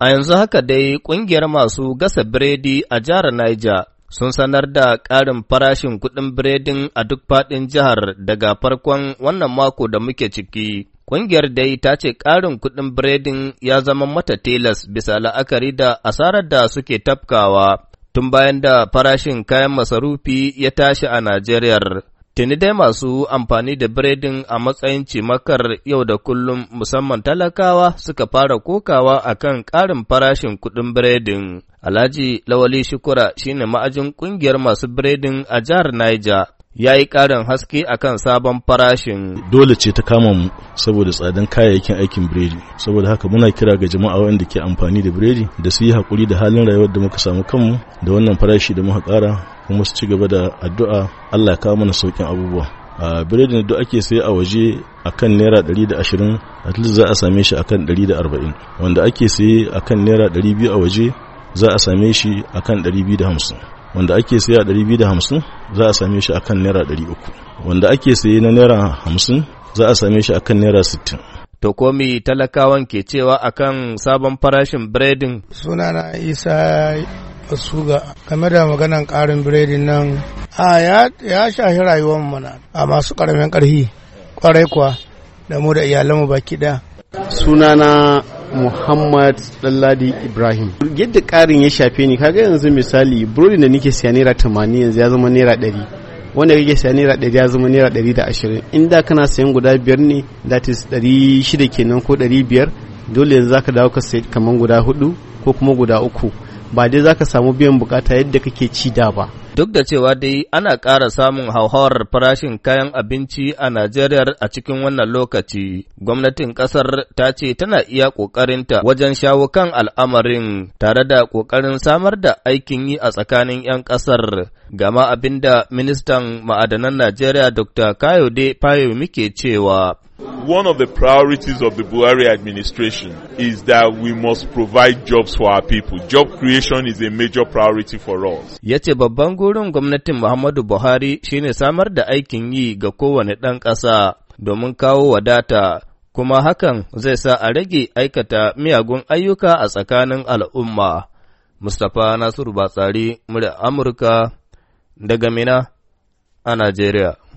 A yanzu haka dai ƙungiyar masu gasa biredi a jihar Niger sun sanar da ƙarin farashin kuɗin biredin a duk faɗin jihar daga farkon wannan mako da muke ciki. Ƙungiyar dai ta ce ƙarin kuɗin biredin ya zama mata telas bisa la'akari da asarar da suke tafkawa tun bayan da farashin kayan masarufi ya tashi a Najeriya. Tuni dai masu amfani da biredin a matsayin cimakar yau da kullum musamman talakawa suka fara kokawa a kan ƙarin farashin kuɗin biredin. Alhaji Lawali Shukura shine ma'ajin ƙungiyar masu biredin a jihar Niger ya yi ƙarin haske akan sabon farashin. Dole ce ta kama mu saboda tsadan kayayyakin aikin biredi. Saboda haka muna kira ga jama'a wanda ke amfani da biredi da su yi hakuri da halin rayuwar da muka samu kanmu da wannan farashi da muka ƙara kuma su ci gaba da addu'a Allah ya kawo mana sauƙin abubuwa. a biredin da ake sai a waje a kan naira 120 at least za a same shi a kan 140 wanda ake sai a kan naira 200 a waje za a same shi a kan 250 wanda ake sai a 250 za a same shi akan naira 300 wanda ake saye na naira 50 za a same shi akan naira 60 to komi talakawan ke cewa akan sabon farashin biredin sunana isa basuga game da maganan karin biredin nan a ya shahi rayuwar mana a masu karamin karhi kwarai kuwa da mu da iyalanmu baki ɗaya sunana Muhammad Dalladi Ibrahim. Yadda ƙarin ya shafe ni kaga yanzu misali burodin da nake siya naira tamanin yanzu ya zama naira ɗari. Wanda kake siya naira ɗari ya zama naira ɗari da ashirin. In da kana sayan guda biyar ne that is ɗari shida kenan ko ɗari biyar dole yanzu zaka dawo ka sayi kamar guda hudu ko kuma guda uku. Ba dai zaka samu biyan bukata yadda kake ci da ba. Duk da cewa dai ana ƙara samun hauhawar farashin kayan abinci a Najeriya a cikin wannan lokaci, gwamnatin ƙasar ta ce tana iya ƙoƙarinta wajen shawo kan al'amarin tare da ƙoƙarin samar da aikin yi a tsakanin ‘yan ƙasar. Gama abin da ministan ma'adanan Najeriya Dr. Kayode Fayomi ke cewa. One of the priorities of the Buhari administration is that we must provide jobs for our people. Job creation is a major priority for us. Yace babban Gurin gwamnatin Muhammadu Buhari shine samar da aikin yi ga kowane ɗan ƙasa domin kawo wadata, kuma hakan zai sa a rage aikata miyagun ayyuka a tsakanin al'umma. Mustapha Nasiru Batsari, murya Amurka, daga Mina a Najeriya.